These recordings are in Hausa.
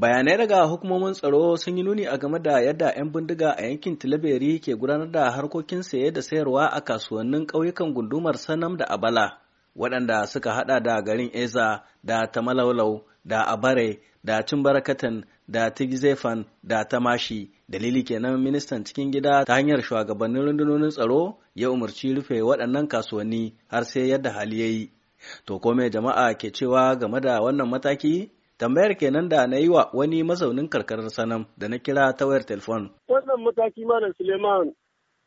bayanai daga hukumomin tsaro sun yi nuni a game da yadda 'yan bindiga a yankin tilaberi ke gudanar da harkokin saye da sayarwa a kasuwannin ƙauyukan gundumar sanam da abala waɗanda suka hada da garin eza da tamalaulau da abare da cimbarakatan da tigzefan da tamashi dalili kenan ministan cikin gida ta hanyar shugabannin rundunonin tsaro ya umarci rufe waɗannan kasuwanni har sai yadda hali ya yi to kome jama'a ke cewa game da wannan mataki tambayar kenan da na yi wa wani mazaunin karkarar sanam da na kira ta wayar telefon. Wannan mataki malam Suleiman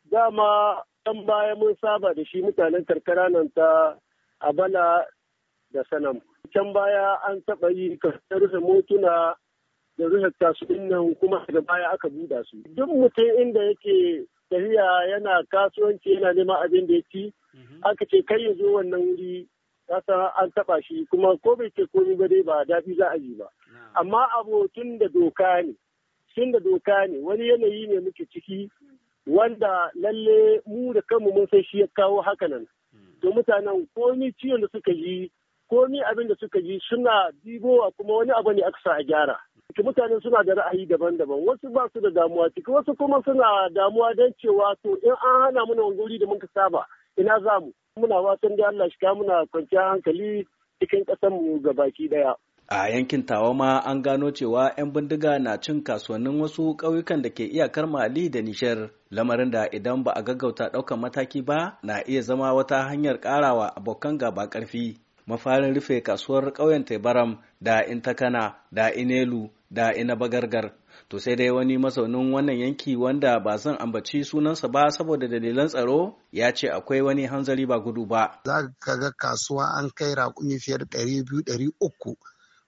dama ɗan baya mun saba da shi mutanen karkara nan ta Abala da sanam. Can baya an taɓa yi karkar rufe motuna da rufe kasuwan nan kuma daga baya aka buɗa su. Duk mutum inda yake tafiya yana kasuwanci yana neman abin da ya ci mhm. aka ce kai ya zo wannan wuri kasa an taba shi kuma ko bai ce komai ba dai ba dafi za a yi ba amma tun da doka ne tun da doka ne wani yanayi ne muke ciki wanda lalle mu da kanmu mun san shi ya kawo haka nan hmm. to mutanen komi ciwon da suka yi komi abin da suka yi suna dibowa kuma wani abu ne aka sa a gyara ciki mutane suna da ra'ayi daban-daban wasu ba su da damuwa ciki wasu kuma suna damuwa don cewa to in an hana mana wani da muka saba ina zamu. muna watan da Allah shi ka muna kwanciyar hankali cikin ƙasar mu ga baki daya a yankin tawa ma an gano cewa 'yan bindiga na cin kasuwannin wasu ƙauyukan da ke iyakar mali da nishar lamarin da idan ba a gaggauta ɗaukar mataki ba na iya zama wata hanyar ƙarawa abokan gaba ƙarfi mafarin rufe kasuwar ƙauyen tebaram da intakana da inelu da bagargar, to sai dai wani masaunin wannan yanki wanda ba zan ambaci sunansa ba saboda dalilan tsaro ya ce akwai wani hanzari ba gudu ba za ka ga kasuwa an kai raƙumi fiye da ɗari biyu ɗari uku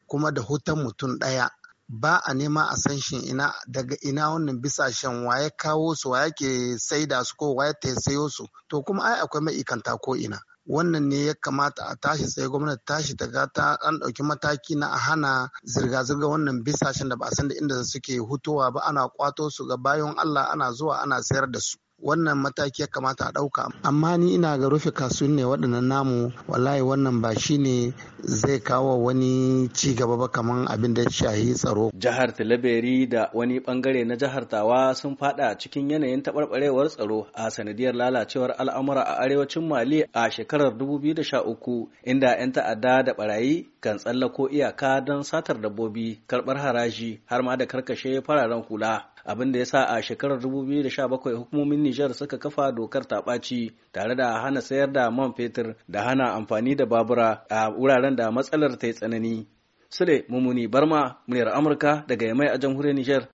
kuma da hutan mutum ɗaya ba a nema a san shin ina daga ina wannan bisashen waye kawo su waye ke saida su ko waye ta sayo su to kuma ai akwai ma'ikanta ko ina wannan ne ya kamata a tashi tsaye gwamnati tashi ta ga ta an ɗauki mataki na a hana zirga-zirga wannan bisashen da ba a san da inda suke hutowa ba ana kwato su ga bayan Allah ana zuwa ana sayar da su. wannan mataki ya kamata a ɗauka amma ni ina ga rufe kasuwan ne waɗannan namu wallahi wannan ba shi ne zai kawo wani ci gaba ba kamar abin da ya shahi tsaro jihar talaberi da wani bangare na jihar tawa sun fada cikin yanayin taɓarɓarewar tsaro a sanadiyar lalacewar al'amura a arewacin mali a shekarar 2013 inda 'yan ta'adda da barayi kan tsallako iyaka don satar dabbobi karɓar haraji har ma da karkashe fararen hula abin da ya sa a shekarar 2017 hukumomin Nijar suka kafa dokar taɓaci tare da hana sayar da man fetur da hana amfani da babura a wuraren da matsalar ta yi tsanani. Sule Mumuni Barma, muryar Amurka daga Yamai a jamhuriyar Nijar.